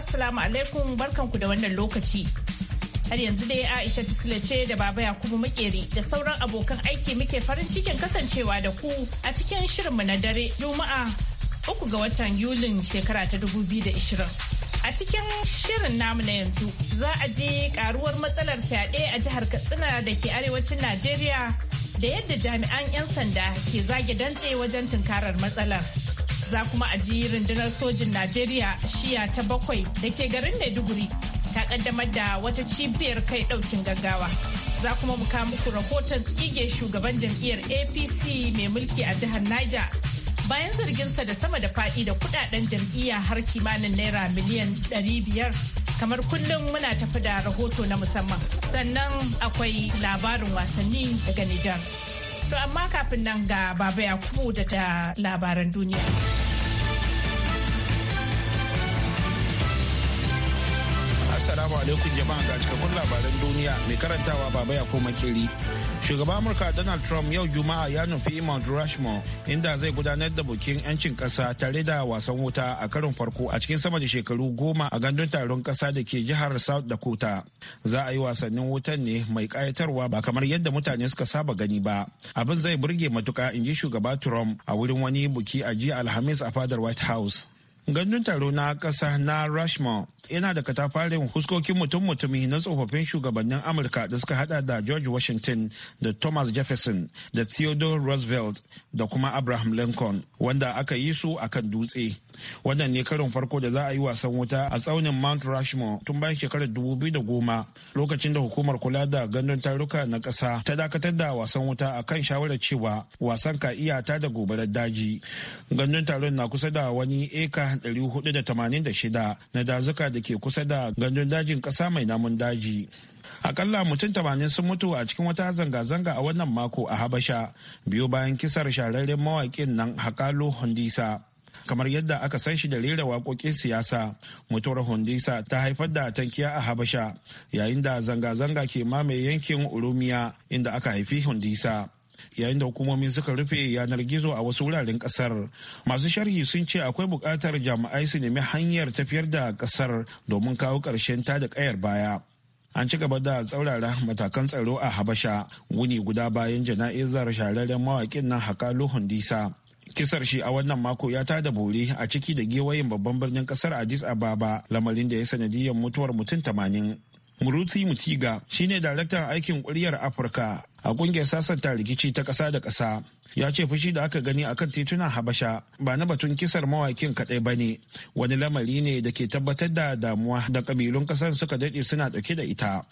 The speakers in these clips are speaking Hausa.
assalamu alaikum barkanku da wannan lokaci. Har yanzu dai Aisha Tisla ce da Baba Yakubu Makeri da sauran abokan aiki muke farin cikin kasancewa da ku a cikin shirinmu na dare Juma'a uku ga watan Yulin shekara ta da 2020. A cikin shirin namu na yanzu za a je karuwar matsalar fyaɗe a jihar Katsina da ke arewacin Najeriya da yadda jami'an 'yan sanda ke zage dantse wajen tunkarar matsalar. za kuma a ji rundunar sojin najeriya shiya ta bakwai da ke garin maiduguri ta kaddamar da wata cibiyar kai daukin gaggawa za kuma mu kawo muku rahoton tsige shugaban jam'iyyar apc mai mulki a jihar niger bayan zarginsa da sama da faɗi da kudaden jam'iyya har kimanin naira miliyan 500 kamar kullum muna tafi da rahoto na musamman sannan akwai labarin wasanni daga nijar. To amma kafin nan ga Baba Yakubu da labaran duniya. Assalamu alaikum jama'a ga cikakkun labaran duniya mai karantawa baba ya koma kiri. Shugaban Amurka Donald Trump yau Juma'a ya nufi Mount Rushmore inda zai gudanar da bukin 'yancin ƙasa tare da wasan wuta a karin farko a cikin sama da shekaru goma a gandun taron ƙasa da ke jihar South Dakota. Za a yi wasannin wutan ne mai ƙayatarwa ba kamar yadda mutane suka saba gani ba. Abin zai burge matuka in ji shugaba Trump a wurin wani buki a jiya Alhamis a fadar White House. gandun taro na ƙasa na rushmore yana da katafarin huskokin mutum-mutumi na tsofaffin shugabannin amurka da suka hada da george washington da thomas jefferson da theodore roosevelt da kuma abraham lincoln wanda aka yi su akan dutse wannan ne karin farko da za a yi wasan wuta a tsaunin mount rushmore tun bayan shekarar goma. lokacin da hukumar kula da gandun taruka na ƙasa ta dakatar da wasan wuta a kan shawarar cewa wasan ka iya ta da gobarar daji gandun taron na kusa da wani eka 486 na dazuka da ke kusa da gandun dajin ƙasa mai namun daji akalla mutum tamanin sun mutu a cikin wata zanga-zanga a wannan mako a habasha biyu bayan kisar shararren mawaƙin nan hakalo hundisa kamar yadda aka san shi da rera waƙoƙin siyasa mutuwar hundisa ta haifar da tankiya a habasha yayin da zanga-zanga ke mamaye yankin urumiya inda aka haifi hundisa yayin da hukumomi suka rufe yanar gizo a wasu wuraren kasar masu sharhi sun ce akwai buƙatar jami'ai su nemi hanyar tafiyar da kasar domin kawo ƙarshen ta da ƙayar baya an ci gaba da tsaurara matakan tsaro a habasha wuni guda bayan jana'izar shararren mawaƙin nan hakalu hundisa kisar shi a wannan mako ya ta da bore a ciki da gewayen babban birnin kasar addis ababa lamarin da ya sanadiyar mutuwar mutum tamanin muruti mutiga shine daraktan aikin kuryar afirka a kungiyar sasanta rikici ta kasa da kasa ya ce fushi da aka gani akan titunan habasha ba na batun kisar mawakin kadai ba ne wani lamari ne da ke tabbatar da damuwa da kabilun ƙasar suka daɗe suna ɗauke da ita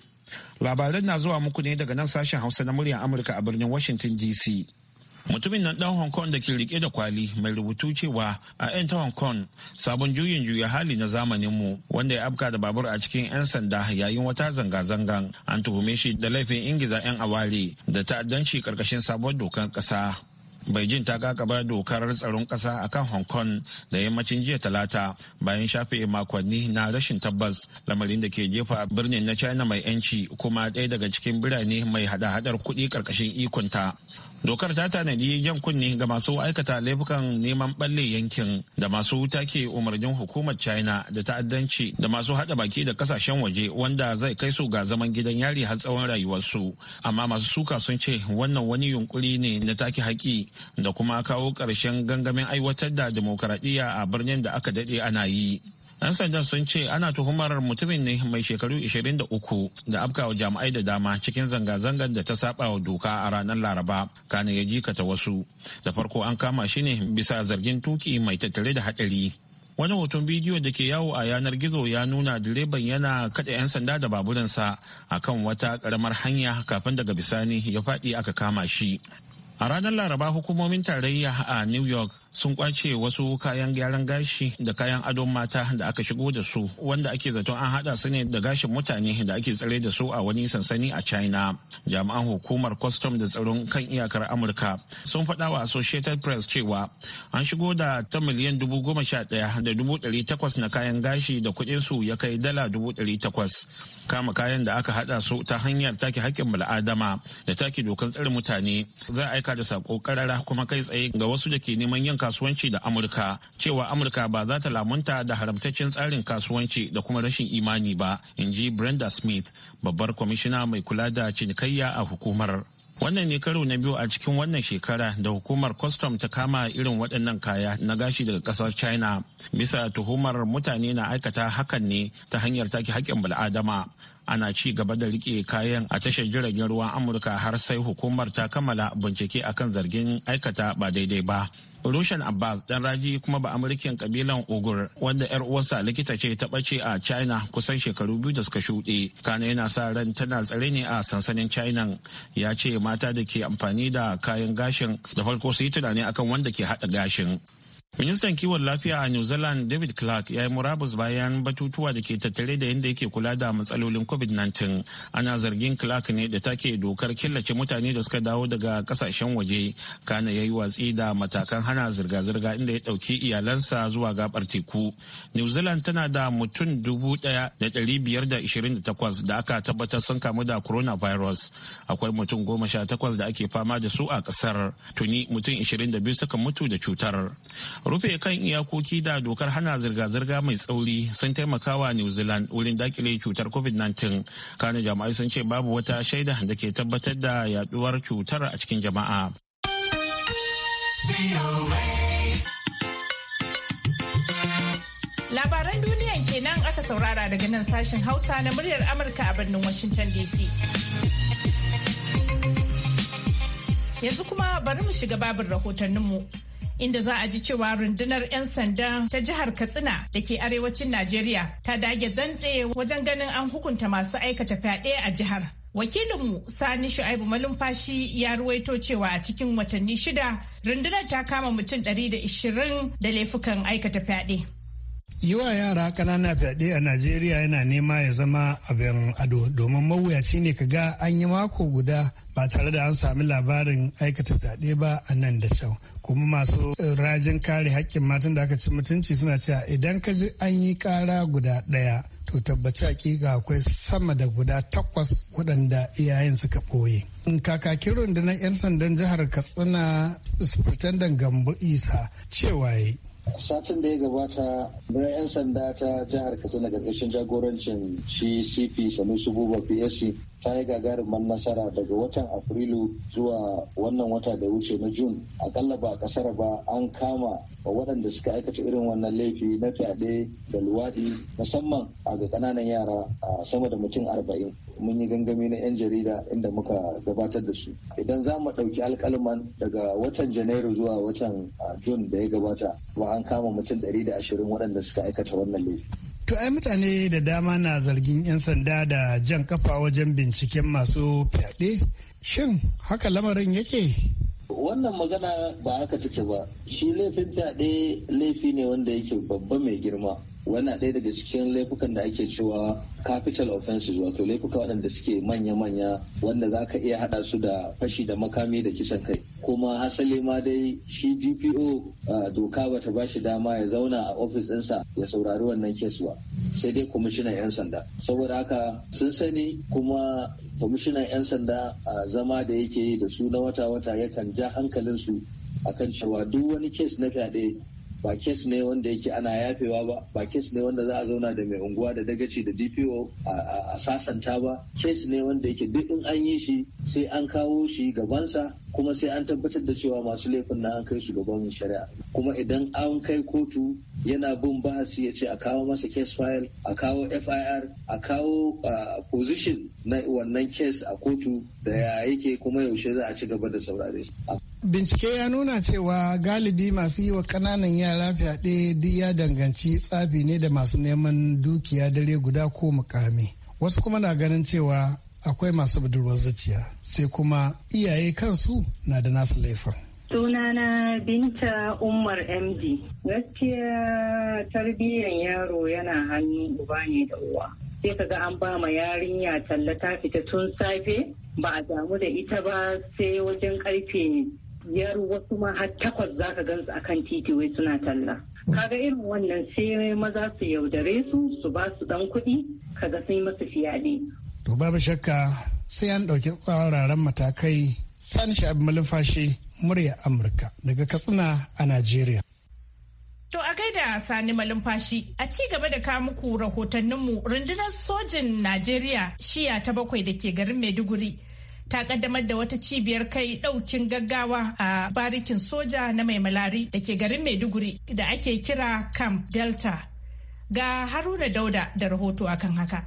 labaran na zuwa muku ne daga nan sashen hausa na muryar amurka a birnin washington dc mutumin nan dan hong kong da ke rike da kwali mai rubutu cewa a 'yan ta hong kong sabon juyin juya hali na zamanin mu wanda ya afka da babur a cikin 'yan sanda yayin wata zanga-zangan an tuhume shi da laifin ingiza 'yan aware da ta'addanci karkashin sabon dokar kasa Beijing ta kakaba dokar tsaron kasa a kan Hong Kong da yammacin jiya talata bayan shafe makonni na rashin tabbas lamarin da ke jefa birnin na China mai 'yanci kuma daya daga cikin birane mai hada-hadar kuɗi karkashin ikonta. dokar ta tanadi yan kunne ga masu aikata laifukan neman balle yankin da masu ke umarnin hukumar china da ta'addanci da masu hada baki da kasashen waje wanda zai kai su ga zaman gidan yari har tsawon rayuwarsu amma masu suka sun ce wannan wani yunkuri ne na take haƙi da kuma kawo ƙarshen gangamin aiwatar da demokaradiyya a birnin da aka dade ana yi 'Yan sandan sun ce ana tuhumar mutumin ne mai shekaru 23 da afkawa jami'ai da dama cikin zanga-zangar da ta saba wa doka a ranar Laraba kana ya jikata wasu. Da farko an kama shi ne bisa zargin tuki mai tattare da haɗari. Wani hoton bidiyo da ke yawo a yanar gizo ya nuna direban yana kada 'yan sanda da baburansa akan wata karamar hanya kafin daga bisani ya faɗi aka kama shi. A ranar Laraba hukumomin tarayya a New York sun kwace wasu kayan gyaran gashi da kayan adon mata da aka shigo da su wanda ake zato an hada su ne da gashin mutane da ake tsare da su a wani sansani a China. Jami'an hukumar kwastam da tsaron kan iyakar Amurka sun faɗa wa Associated Press cewa an shigo da ta miliyan dubu goma sha ɗaya da dubu ɗari takwas na kayan gashi da kuɗin su ya kai dala dubu ɗari takwas. kama kayan da aka hada su ta hanyar take hakkin bal'adama da take dokar tsare mutane za a aika da sako karara kuma kai tsaye ga wasu da ke neman yin kasuwanci da amurka cewa amurka ba za ta lamunta da haramtaccen tsarin kasuwanci da kuma rashin imani ba in ji brenda smith babbar kwamishina mai kula da cinikayya a hukumar Wannan ne karo na biyu a cikin wannan shekara da hukumar kwastam ta kama irin waɗannan kaya na gashi daga ƙasar China. Bisa tuhumar mutane na aikata hakan ne ta hanyar take haƙƙin bal'adama Ana ci gaba da riƙe kayan a tashar jiragen ruwan Amurka har sai hukumar ta kammala bincike akan zargin aikata ba daidai ba. Rushan Abbas dan raji kuma ba amurkin kabilan Ogur wanda yar uwarsa likita ce ta bace a China kusan shekaru biyu da suka shuɗe. Kana yana sa ran tana tsare ne a sansanin China ya ce mata da ke amfani da kayan gashin da farko su yi tunani akan wanda ke haɗa gashin. Ministan kiwon lafiya a New Zealand David Clark ya yi murabus bayan batutuwa da ke tattare da yadda yake kula da matsalolin COVID-19. Ana zargin Clark ne da take dokar killace mutane da suka dawo daga kasashen waje. Kana ya yi watsi da matakan hana zirga-zirga inda ya ɗauki iyalansa zuwa gabar teku. New Zealand tana da mutum dubu ɗaya da dari biyar da ishirin da takwas da aka tabbatar sun kamu da coronavirus. Akwai mutum goma sha takwas da ake fama da su a kasar Tuni mutum ishirin da biyu suka mutu da cutar. rufe kan iyakoki da dokar hana zirga-zirga mai tsauri sun taimakawa new zealand wurin dakile cutar covid-19 kana jama'ai sun ce babu wata shaida da ke tabbatar da yaduwar cutar a cikin jama'a labaran duniyan kenan aka saurara daga nan sashen hausa na muryar amurka a birnin washington dc yanzu kuma bari mu shiga babin rahotanninmu. mu inda za a ji cewa rundunar 'yan sanda ta jihar Katsina da ke arewacin Najeriya ta dage zantse wajen ganin an hukunta masu aikata fyaɗe a jihar. Wakilinmu Sani Shu'aibu Malumfashi ya ruwaito cewa a cikin watanni shida rundunar ta kama mutum 120 da laifukan aikata fyaɗe. Yi wa yara ƙanana fyaɗe a Najeriya yana nema ya zama abin ado domin mawuyaci ne kaga an yi mako guda ba tare da an sami labarin aikata fyaɗe ba a nan da can. Kuma masu rajin kare haƙƙin matan da aka ci mutunci suna cewa idan ka ji an yi ƙara guda ɗaya to tabbaci hakika akwai sama da guda takwas waɗanda iyayen suka ɓoye. kakakin rundunar 'yan sandan jihar katsina sufurtandan gambo isa cewa satin da ya gabata birnin 'yan sanda ta jihar katsina ƙarƙashin jagorancin shi cp sanusi buba psc ta yi gagarumar nasara daga watan afrilu zuwa wannan wata da wuce na jun akalla ba kasar ba an kama waɗanda suka aikata irin wannan laifi na fyaɗe da luwaɗi musamman a ga ƙananan yara a sama da mutum arba'in mun yi gangami na 'yan jarida inda muka gabatar da su idan za mu ɗauki alƙalman daga watan janairu zuwa watan jun da ya gabata ba an kama mutum ɗari da ashirin waɗanda suka aikata wannan laifi To ai mutane da dama na zargin 'yan sanda da jan kafa wajen binciken masu fyaɗe. Shin haka lamarin yake? Wannan magana ba haka take ba. Shi laifin fyaɗe laifi ne wanda yake babba mai girma. wannan ɗaya daga cikin laifukan da ake cewa capital offenses wato laifuka waɗanda suke manya-manya wanda za ka iya haɗa su da fashi da makami da kisan kai kuma hasali ma dai shi dpo doka bata ba shi dama ya zauna a ofis ɗinsa ya saurari wannan kes ba sai dai kwamishinan 'yan sanda saboda haka sun sani kuma kwamishinan 'yan sanda a zama da yake da su na wata-wata yakan ja hankalinsu akan cewa duk wani kes na fyaɗe ba kes ne wanda yake ana yafewa ba ba kes ne wanda za a zauna da mai unguwa da dagaci da dpo a sasanta ba kes ne wanda yake duk in an yi shi sai an kawo shi gabansa kuma sai an tabbatar da cewa masu laifin na an kai su gaban shari'a kuma idan an kai kotu yana bin bahasi ya ce a kawo masa kes fayil a kawo fir a kawo position na wannan kes a kotu da yake kuma yaushe za a ci gaba da saurare bincike ya nuna cewa galibi masu yi wa kananan yara fyaɗe duk ya danganci tsafi ne da masu neman dukiya dare guda ko mukami wasu kuma na ganin cewa akwai masu budurwar zuciya sai kuma iyaye kansu na da nasu laifin sunana binta umar md gaskiya tarbiyyar yaro yana hannu uba ne da uwa sai ka ga an ba ma yarinya talla ta fita tun safe ba a damu da ita ba sai wajen karfe biyar wasu ma har takwas za ka gansu akan titi wai suna talla kaga irin wannan sai maza su yaudare su su ba su dan kuɗi kaga ga yi masu fiyade. to babu shakka sai an ɗauki tsauraran matakai sani sha'ib malumfashi murya amurka daga katsina a najeriya To a gaida sani malumfashi a ci gaba da kawo muku rahotanninmu rundunar sojin Najeriya shiya ta bakwai da ke garin Maiduguri ta kaddamar da wata cibiyar kai daukin gaggawa a barikin soja na mai malari da ke garin maiduguri da ake kira camp delta ga haruna dauda da rahoto akan haka.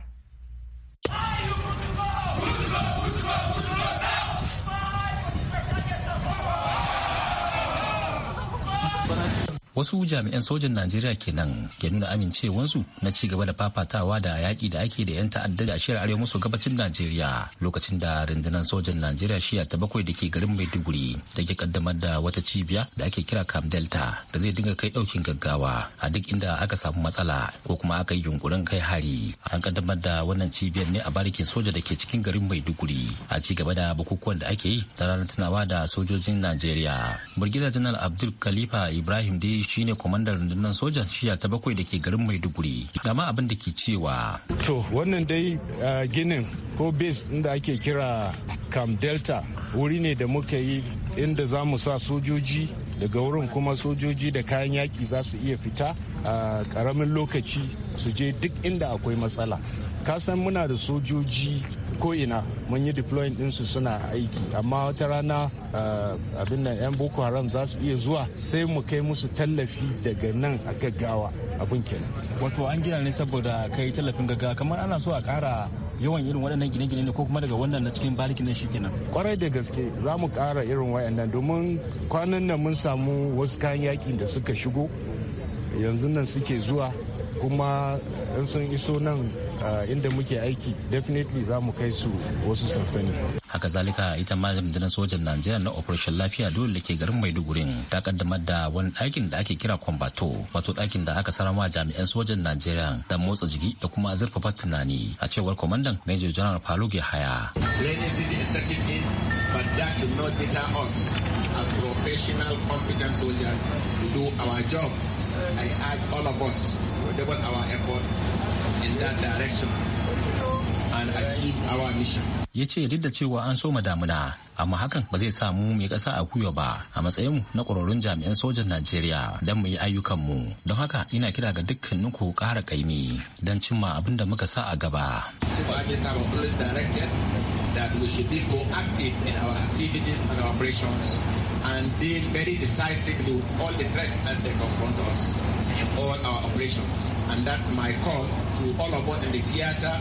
wasu jami'an sojan najeriya kenan ke nuna amincewansu na ci gaba da fafatawa da yaƙi da ake da 'yan ta'adda da ashirar arewa maso gabacin najeriya lokacin da rundunar sojan najeriya shiya ta bakwai da ke garin maiduguri da ke kaddamar da wata cibiya da ake kira cam delta da zai dinga kai ɗaukin gaggawa a duk inda aka samu matsala ko kuma aka yi yunkurin kai hari an kaddamar da wannan cibiyar ne a barikin soja da ke cikin garin maiduguri a ci gaba da bukukuwan da ake yi ta ranar tunawa da sojojin najeriya burgida janar abdul khalifa ibrahim dai shi shine kwamandan rundunar sojan shiya ta bakwai da ke garin maiduguri dama abin da ke cewa to wannan dai ginin ko base inda ake kira cam delta wuri ne da muka yi inda za mu sa sojoji daga wurin kuma sojoji da kayan yaki za su iya fita a karamin lokaci su je duk inda akwai matsala kasan muna da sojoji ko'ina mun yi deploying su suna aiki amma wata rana eh, abin nan 'yan boko haram za su iya zuwa sai mu kai musu tallafi daga nan a gaggawa abin kenan wato an gina ne saboda kai tallafin gaggawa kamar ana so a kara yawan irin waɗannan gine-gine ne ko kuma daga wannan na cikin barikin nan kwarai da gaske za mu kara irin waɗannan domin kwanan nan mun samu wasu kayan yakin da suka shigo yanzu nan suke zuwa kuma sun iso nan inda muke aiki definitely za mu kai su wasu sansani haka zalika ita ma rundunar sojan najeriya na operation lafiya dole da ke garin maiduguri ta kaddamar da wani ɗakin da ake kira kwambato wato ɗakin da aka sarama jami'an sojan najeriya da motsa jiki da kuma zurfafa tunani a cewar kwamandan major general faruk yahaya but that should not deter us as professional, competent to do our job. I add all of us to our efforts that direction and achieve our mission. ya ce duk da cewa an soma damuna amma hakan ba zai samu mai kasa a kuyo ba a matsayin na ƙwararrun jami'an sojan najeriya don mu yi ayyukanmu don haka ina kira ga dukkanin ku ƙara ƙaimi don cimma abin da muka sa a gaba that we should be proactive in our activities and operations and deal very decisively with all the threats that they confront us. in all our operations. And that's my call to all of us in the theater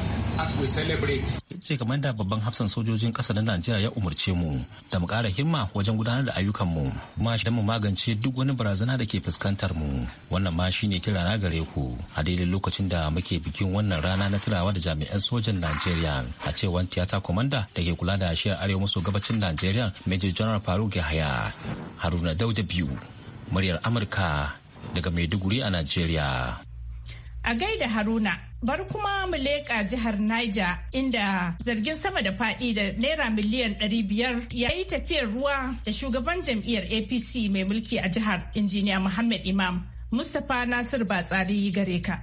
as we celebrate. ce kamar da babban hafsan sojojin ƙasa na Najeriya ya umarce mu da mu ƙara himma wajen gudanar da ayyukan mu kuma shi mu magance duk wani barazana da ke fuskantar mu wannan ma ne kira na gare ku a daidai lokacin da muke bikin wannan rana na turawa da jami'an sojan Najeriya a cewar tiyata komanda da ke kula da shiyar arewa maso gabacin Najeriya Major General Faruk Yahaya Haruna Dauda biyu muryar Amurka daga Maiduguri a Najeriya. A gaida Haruna, bar kuma mu leƙa jihar Niger inda zargin sama da faɗi da naira miliyan 500 ya yi tafiyar ruwa da shugaban jam'iyyar APC mai mulki a jihar injiniya Muhammad Imam. Mustapha Nasir Batsari gare ka.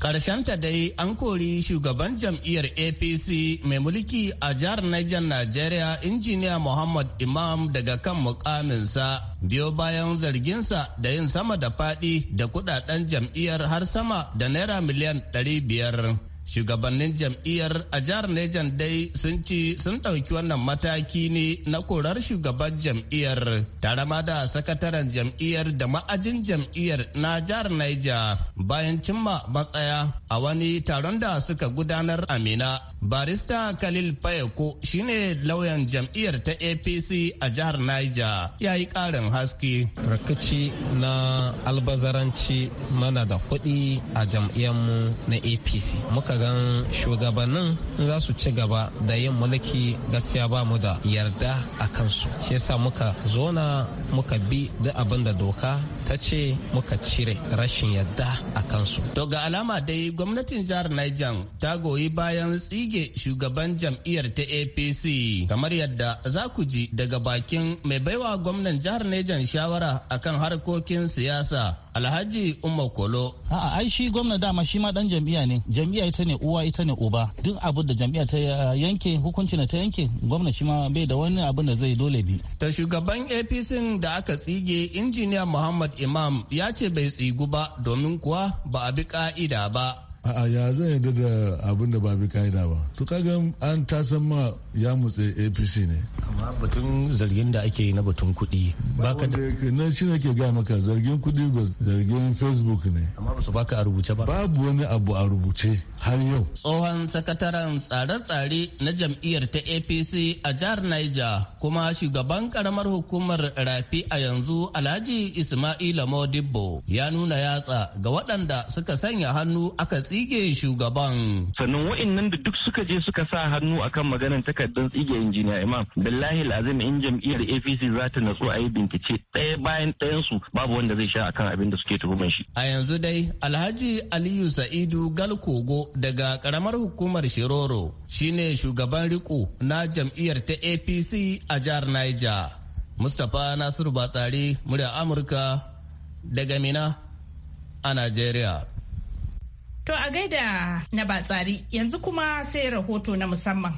ta dai an kori shugaban jam'iyyar APC mai mulki a jihar Niger Najeriya injiniya Muhammad Imam daga kan mukaminsa biyo bayan zarginsa da yin sama da faɗi da kudaden jam'iyyar har sama da naira miliyan 500. shugabannin jam'iyyar a jihar Nejan dai sun ci sun ɗauki wannan mataki ne na korar shugaban jam'iyyar tare ma da sakataren jam'iyyar da ma'ajin jam'iyyar na jihar Niger. bayan cimma matsaya a wani taron da suka gudanar Amina. Barista Khalil payeko shine lauyan jam'iyyar ta APC a jihar Niger ya yi karin haske. Rikici na albazaranci mana da kuɗi a jam'iyyarmu na APC. Muka gan shugabannin za su ci gaba da yin mulki gaskiya ba mu da yarda a kansu. Shi yasa muka zona muka bi da abin da doka ta ce muka cire rashin yarda a kansu. To ga alama dai gwamnatin jihar Niger ta goyi bayan tsigi. tsige shugaban jam'iyyar ta apc kamar yadda za ku ji daga bakin mai baiwa gwamnan jihar nejan shawara akan harkokin siyasa Alhaji Umar Kolo. A'a ai shi gwamna dama shi ma dan jam'iyya ne. Jam'iyya ita ne uwa ita ne uba. Duk abin da jam'iyya ta eh, yanke hukunci na ta yanke gwamna shi ma bai da wani abin da zai dole bi. Da shugaban APC da aka tsige injiniya Muhammad Imam ya ce bai tsigu ba domin kuwa ba a bi ka'ida ba. a'a ya zan yadda da abin da ba bi ka'ida ba to kaga an tasan ma ya mutse apc ne amma batun zargin da ake yi na batun kuɗi baka da na shi ke gaya maka zargin kuɗi ba zargin facebook ne amma ba su baka a rubuce ba babu wani abu a rubuce har yau tsohon sakataren tsare-tsare na jam'iyyar ta apc a jihar niger kuma shugaban karamar hukumar rafi a yanzu alhaji ismaila modibbo ya nuna yatsa ga waɗanda suka sanya hannu aka tsige shugaban. Sannan waɗannan da duk suka je suka sa hannu akan maganar takardar tsige injiniya imam billahi azim in jam'iyyar APC za ta natsu a yi bincike ɗaya bayan ɗayan su babu wanda zai sha akan abin da suke tuhuman shi. A yanzu dai Alhaji Aliyu Sa'idu Galkogo daga karamar hukumar Shiroro shine shugaban riko na jam'iyyar ta APC a jihar Niger. Mustapha Nasiru Batsari murya Amurka daga Mina a Najeriya. To a gaida na batsari yanzu kuma sai rahoto na musamman.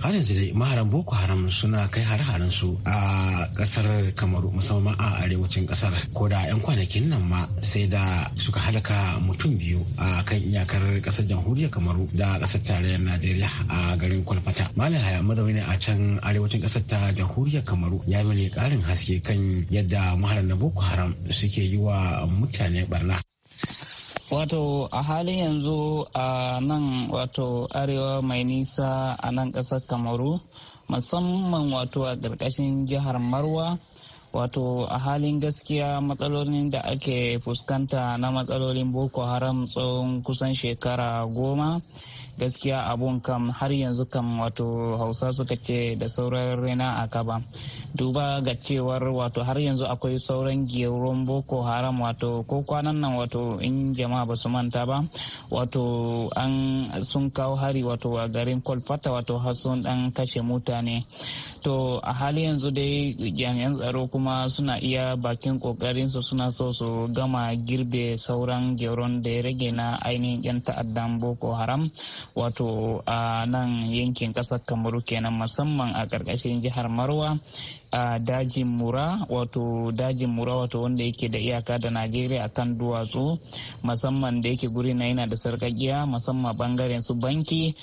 har yanzu dai maharan boko haram suna kai har su a kasar kamaru musamman a arewacin kasar ko da yan kwanakin nan ma sai da suka halaka mutum biyu a kan iyakar kasar jamhuriyar kamaru da kasar tarayyar najeriya a garin kwalfata malam haya mazauni a can arewacin kasar ta jamhuriyar kamaru ya mini karin haske kan yadda maharan boko haram suke yi wa mutane barna Wato a halin yanzu a nan wato arewa mai nisa a nan ƙasar Kamaru musamman wato a ƙarƙashin jihar Marwa wato a halin gaskiya matsalolin da ake fuskanta na matsalolin Boko Haram tsawon kusan shekara goma. gaskiya abun kam har yanzu kam wato hausa suka ce da sauran rena a kaba duba ga cewar wato har yanzu akwai sauran geron boko haram wato ko kwanan nan wato in jama'a ba su manta ba wato an sun kawo hari wato a garin kolfata wato har sun dan kashe mutane to a hali yanzu dai jami'an tsaro kuma suna iya bakin kokarin su suna so su gama girbe sauran geron da ya rage na ainihin yan ta'addan boko haram wato a nan yankin kasar kamaru kenan musamman a karkashin jihar marwa a dajin mura wato dajin mura wato wanda yake da iyaka da najeriya kan duwatsu musamman da yake guri na yana da sarkakiya musamman bangaren su banki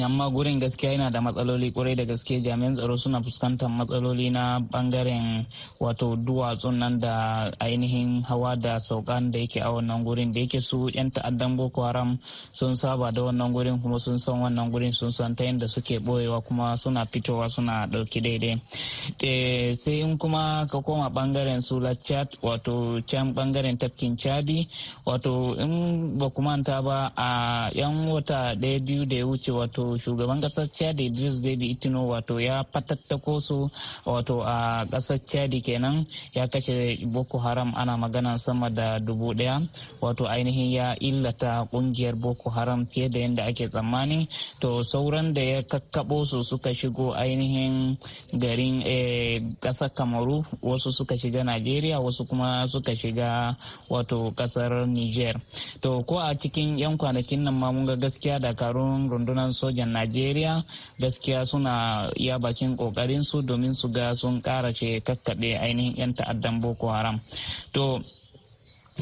amma gurin gaskiya yana da matsaloli kwarai da gaske jami'an tsaro suna fuskantar matsaloli na bangaren wato duwatsun nan da ainihin hawa da saukan da yake a wannan gurin da yake su yan ta'addan boko haram sun saba da wannan gurin kuma sun san wannan gurin sun san ta yadda suke boyewa kuma suna fitowa suna ɗauki daidai e, sai in kuma ka koma bangaren su chat wato can bangaren tafkin chadi wato in ba ta ba a yan wata ɗaya biyu da ya wuce wato wato shugaban kasar chad idris deby itino wato ya fatattako su wato a kasar chad kenan ya kashe boko haram ana magana sama da dubu daya wato ainihin ya illata kungiyar boko haram fiye da yadda ake tsammani to sauran da ya kakkabo su suka shigo ainihin garin kasar eh, kamaru wasu suka shiga najeriya wasu kuma suka shiga wato kasar niger to ko a cikin yan kwanakin nan ma mun ga gaskiya karun rundunar soja sojan najeriya gaskiya suna iya bakin kokarin su domin su ga sun kara ce ainihin 'yan ta'addan boko haram to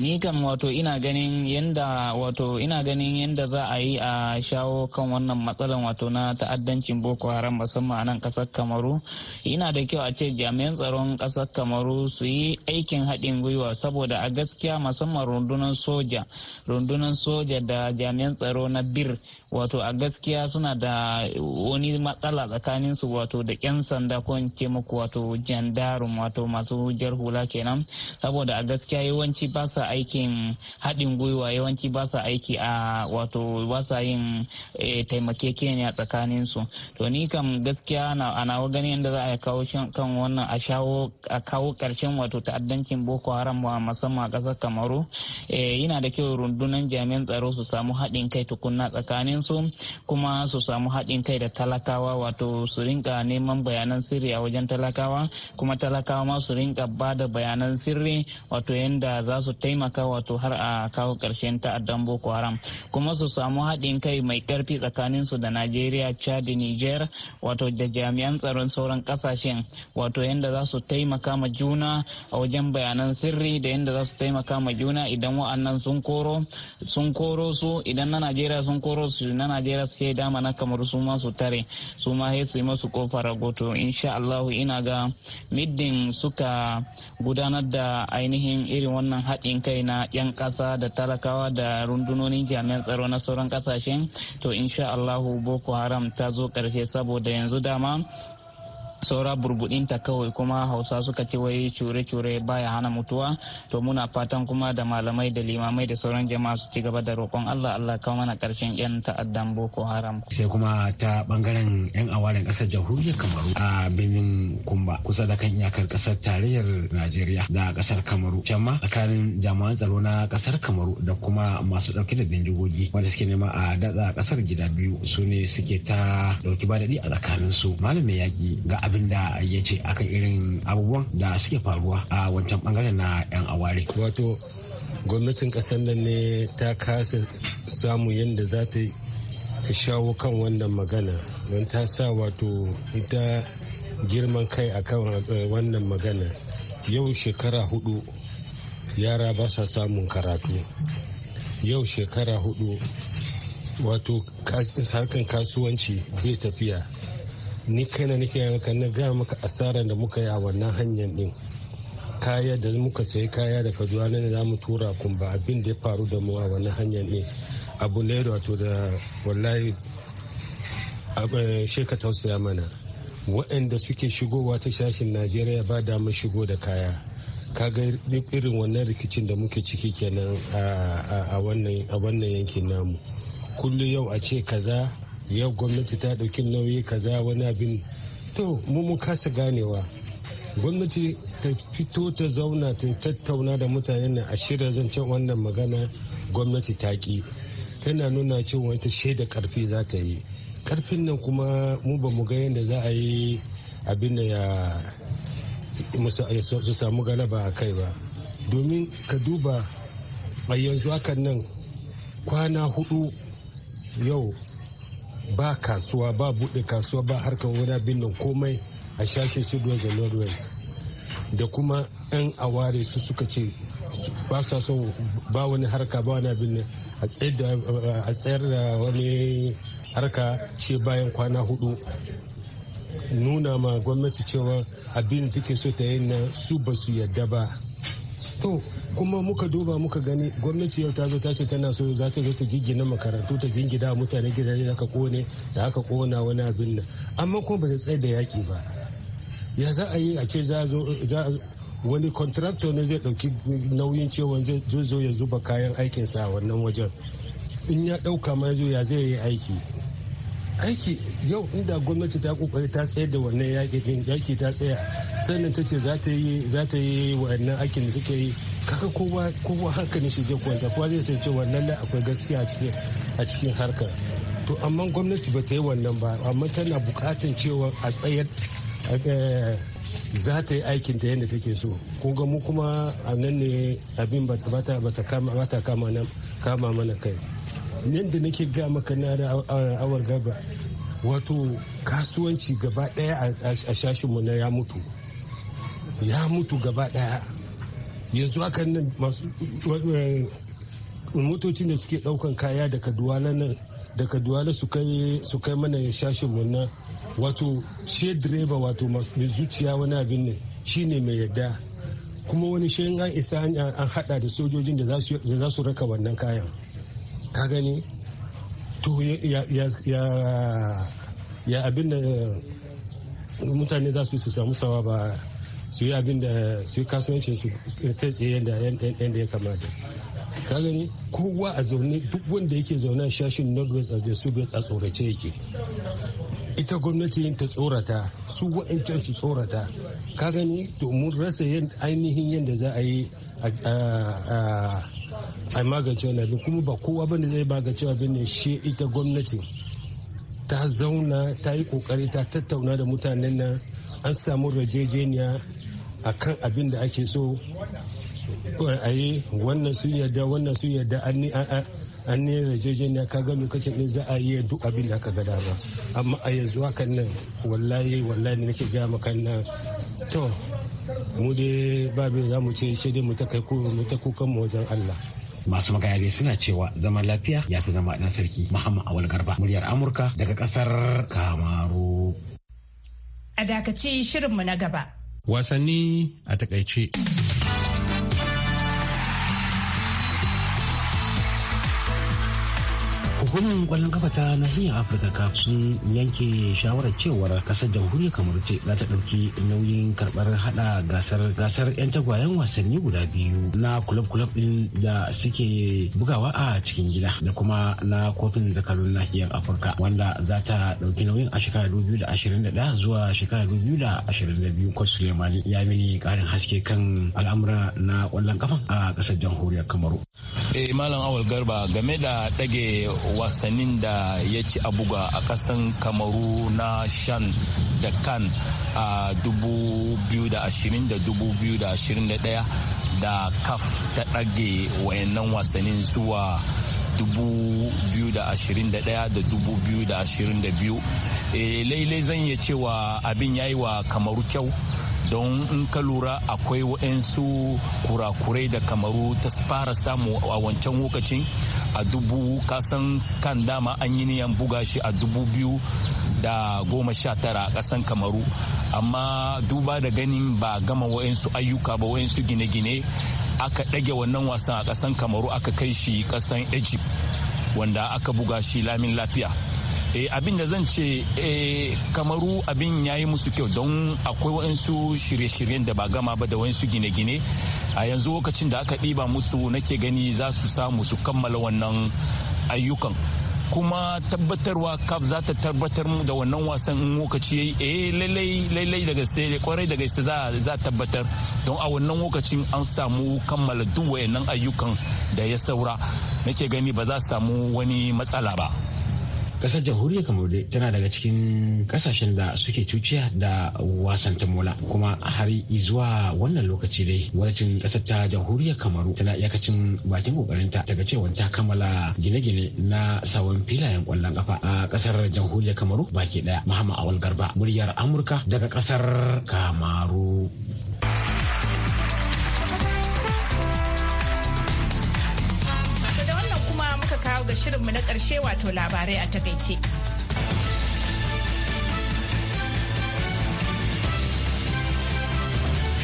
ni kam wato ina ganin yanda wato ina ganin yanda za a yi a shawo kan wannan matsalan wato na ta'addancin boko haram musamman a nan kasar kamaru ina da kyau a ce jami'an tsaron kasar kamaru su yi aikin haɗin gwiwa saboda a gaskiya musamman rundunar soja rundunar soja da jami'an tsaro na bir wato a gaskiya suna da wani matsala tsakanin su wato da yan sanda ko in ce muku wato jandarum wato masu jar hula kenan saboda a gaskiya yawanci ba sa aikin haɗin gwiwa yawanci ba sa aiki a wato ba sa yin eh, taimakekeniya tsakanin su to ni kam gaskiya na ana gani yadda za a kawo kan wannan a shawo a kawo ƙarshen wato ta'addancin boko haram musamman a ƙasar kamaru eh, yana da kyau rundunar jami'an tsaro su samu haɗin kai tukunna tsakanin su kuma su samu haɗin kai da talakawa wato su rinka neman bayanan sirri a wajen talakawa kuma talakawa ma su rinka ba da bayanan sirri wato yadda za su taimaka taimaka wato har a kawo karshen ta'addan boko haram kuma su samu haɗin kai mai ƙarfi tsakanin su da najeriya chad niger wato da jami'an tsaron sauran ƙasashen wato yadda za su taimaka ma juna a wajen bayanan sirri da yadda za su taimaka ma juna idan wa'annan sun koro su idan na najeriya sun koro su na najeriya suke dama na kamar su ma su tare su ma sai su yi masu kofar ragoto insha allahu ina ga middin suka gudanar da ainihin irin wannan haɗin kai na 'yan ƙasa da talakawa da rundunonin jami'an tsaro na sauran kasashen to insha Allahu Boko Haram ta zo ƙarshe saboda yanzu dama saura burbuɗinta kawai kuma hausa suka ce wai cure-cure baya hana mutuwa to muna fatan kuma da malamai da limamai da sauran jama'a su ci gaba da roƙon Allah Allah kawo mana ƙarshen yan ta'addan Boko Haram. Sai kuma ta bangaren yan awarin kasar jamhuriyar Kamaru a birnin Kumba kusa da kan iyakar kasar tarayyar Najeriya da kasar Kamaru. Can ma tsakanin jami'an tsaro na ƙasar Kamaru da kuma masu ɗauke da bindigogi wanda suke nema a datsa kasar gida biyu su ne suke ta ɗauki ba a a su malamin yaƙi ga abin da ya ce akan irin abubuwan da suke faruwa a wancan bangaren na 'yan aware. Wato gwamnatin kasar nan ne ta kasa samu yadda za ta ta shawo kan wannan magana don ta sa wato ita girman kai a kan eh, wannan magana yau shekara hudu yara ba sa samun karatu yau shekara hudu wato harkar kasuwanci bai tafiya ni na nake maka na gaya maka asarar da muka yi a wannan hanyar din kaya da muka sayi kaya da kaduna ne za mu tura kun ba abin da ya faru da mu a wannan hanyar din abu ne wato da wallahi eh, sheka tausaya mana waɗanda suke shigowa ta shashin najeriya ba damar shigo da kaya ka kaga irin wannan rikicin da muke ciki kenan a wannan yankin namu kullum yau a ce kaza yau gwamnati ta ɗauki nauyi kaza wani abin to mu mun kasa ganewa gwamnati ta fito ta zauna ta tattauna da mutanen nan a shirya zancen wannan magana gwamnati ta ki tana nuna cewa ta shaida karfi za ta yi karfin nan kuma mu ba mu ga yadda za a yi abin da ya su samu galaba a kai ba domin ka duba a yanzu hakan nan kwana hudu yau ba kasuwa ba buɗe kasuwa ba harkar wani abin nan komai a shashin sudwest da northwest da kuma 'yan aware su suka ce ba sa son ba wani harka ba wani abin nan a tsayar da wani harka ce bayan kwana hudu nuna ma gwamnati cewa abin da take so ta yi na su ba su yadda ba to kuma muka duba muka gani gwamnati yau ta zo ta ce tana so za ta zo ta giggina makarantu ta gingida mutane gidaje da aka kone da aka kona wani abin nan amma kuma ba ta tsaye da yaki ba ya za a yi a ce za wani contractor ne zai dauki nauyin cewa zai zo ya zuba kayan aikinsa a wannan wajen in ya dauka ma zo ya zai yi aiki aiki yau inda gwamnati ta kokari ta tsayar da wannan yaƙi ɗin yaƙi ta tsaya sannan ta ce za ta yi za ta yi wannan aikin da take yi kaka kowa kowa ne shi zai kwanta kowa zai san cewa da akwai gaskiya a cikin a cikin harkar to amma gwamnati ba ta yi wannan ba amma tana bukatan cewa a tsayar eh, za ta yi aikin ta yadda take so kunga mu kuma a nan ne abin ba ta kama mana kai nan da nake ga maka na da awar gaba wato kasuwanci gaba daya a shashinmu na ya mutu ya mutu gaba daya yanzu aka nan masu eh, motocin da suke daukan kaya daga duwala nan daga duwala su kai mana ya shashin mu na wato shi direba wato mai zuciya wani abin ne shi ne mai yadda kuma wani shi an isa an hada da sojojin da za su raka wannan kayan ka gani to ya abin da eh, mutane za su su samu sawa ba su yi abin da su yi kasuwancin su kai tsaye yadda ya kamata ka gani kowa a zaune duk wanda yake zaune shashin northwest da southwest a tsorace yake ita gwamnati ta tsorata su wa'ancan su tsorata ka gani to mun rasa ainihin yadda za a yi a magance wani abin kuma ba kowa bane zai magance abin ne shi ita gwamnati ta zauna ta yi kokari ta tattauna da mutanen nan an samu rajejeniya a kan abin da ake so a yi wannan sun yarda wannan sun yarda an ne rajejeniya ka ga lokacin ne za a yi duk abin da aka gada ba amma a yanzu hakan nan wallahi wallahi ne nake gaya maka nan to mu dai babin za mu ce shi dai mu ta kai mu ta kukan mu wajen Allah masu magana suna cewa zaman lafiya ya fi zama ɗan sarki muhammad awal garba muryar amurka daga kasar kamaru a dakaci shirinmu na gaba wasanni a takaice hukumar kwallon kafa ta nahiyar afirka ka sun yanke shawarar cewar kasar jamhuriyar kamar ce za ta ɗauki nauyin karɓar hada gasar gasar 'yan tagwayen wasanni guda biyu na kulob-kulob ɗin da suke bugawa a cikin gida da kuma na kofin zakarun nahiyar afirka wanda za ta ɗauki nauyin a shekara 2021 zuwa shekara 2022 kwas sulemani ya mini ƙarin haske kan al'amura na kwallon kafa a ƙasar jamhuriyar kamaru. Eh, Malam Awal Garba game da ɗage wasannin da ya ci a buga a kasan kamaru na shan da kan a 2020 da 2021 da kaf ta ɗage wayannan wasannin zuwa 2021 da 2022 eh, lailai zan ya cewa abin ya yi wa kamaru kyau don in ka lura akwai waɗansu kurakurai da kamaru ta fara samu a wancan lokacin a dubu kasan kan dama an yi niyan buga shi a dubu biyu da goma sha tara a kasan kamaru amma duba da ganin ba gama waɗansu ayyuka ba waɗansu gine-gine aka ɗage wannan wasan a ƙasan kamaru aka kai shi ƙasan egypt wanda aka buga shi lamin lafiya e, abin da zan ce e, kamaru abin ya yi musu kyau don akwai waɗansu shirye-shiryen da ba gama ba da waɗansu gine-gine a yanzu lokacin da aka ɗiba musu nake gani za su samu su kammala wannan ayyukan kuma tabbatarwa kaf za ta tabbatar mu da wannan wasan in lokaci yi eh lallai lallai daga sai kwarai daga sai za za tabbatar don a wannan lokacin an samu kammala duk wayannan ayyukan da ya saura nake gani ba za samu wani matsala ba kasar jamhuriyar kamaru tana daga cikin kasashen da suke cuciya da wasan tamola kuma har zuwa wannan lokaci dai wadacin kasar ta jamhuriyar kamaru tana iyakacin bakin kokarinta daga cewa ta kammala gine-gine na sabon filayen kwallon kafa a kasar jamhuriyar kamaru baki daya muhammad awal garba muryar amurka daga kasar kamaru ga shirinmu na karshe wato labarai a takaice.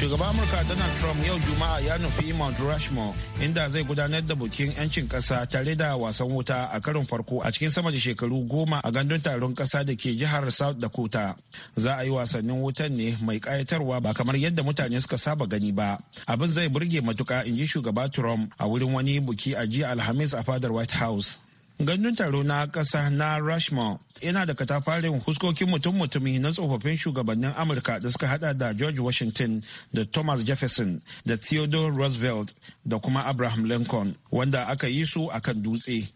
shugaban amurka donald trump yau juma'a ya nufi mount rushmore inda zai gudanar da bukin 'yancin kasa tare da wasan wuta a karin farko a cikin sama da shekaru goma a gandun taron kasa da ke jihar south dakota za a yi wasannin wutan ne mai kayatarwa ba kamar yadda mutane suka saba gani ba abin zai burge matuka in ji shugaba trump a wurin wani buki a jiya alhamis a fadar white house Gandun taro na ƙasa na Rushmore yana da katafarin huskokin mutum-mutumi na tsofaffin shugabannin Amurka da suka hada da George Washington da Thomas Jefferson da Theodore Roosevelt da kuma Abraham Lincoln wanda aka yi su a kan dutse.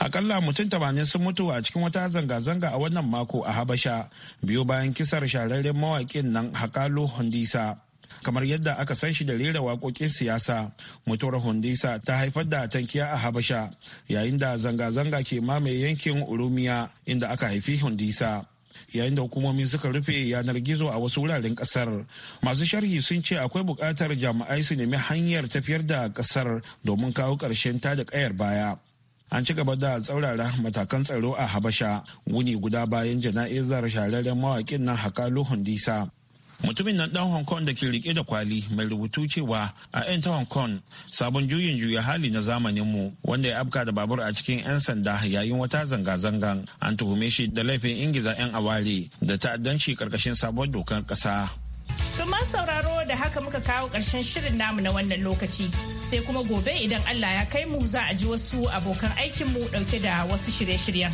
Akalla mutum tamanin sun mutu a cikin wata zanga-zanga a wannan mako a Habasha biyu bayan kisar shararren mawaƙin nan Hakalo Hundisa. kamar yadda aka san shi da rera waƙoƙin siyasa mutuwar hundisa ta haifar da tankiya a habasha yayin da zanga-zanga ke mamaye yankin urumiya inda aka haifi hundisa yayin da hukumomi suka rufe yanar gizo a wasu wuraren kasar masu sharhi sun ce akwai buƙatar jami'ai su nemi hanyar tafiyar da kasar domin kawo ƙarshen ta da ƙayar baya an ci gaba da tsaurara matakan tsaro a habasha wuni guda bayan jana'izar shararren mawaƙin nan hakalu hundisa mutumin nan dan hong kong da ke rike da kwali mai rubutu cewa a 'yan ta hong kong sabon juyin juya hali na zamanin mu wanda ya afka da babur a cikin 'yan sanda yayin wata zanga-zangan an tuhume shi da laifin ingiza 'yan aware da ta'addanci karkashin sabon dokar kasa ma sauraro da haka muka kawo karshen shirin namu na wannan lokaci sai kuma gobe idan Allah ya kai mu za a ji wasu abokan aikinmu ɗauke da wasu shirye-shiryen.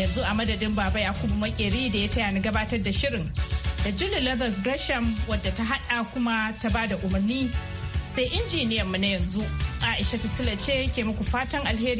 yanzu a madadin baba yakubu makeri da ya taya ni gabatar da shirin da julie leathers gresham wadda ta hada kuma ta bada umarni sai injiniyan mu na yanzu aisha ta tisila ce ke muku fatan alheri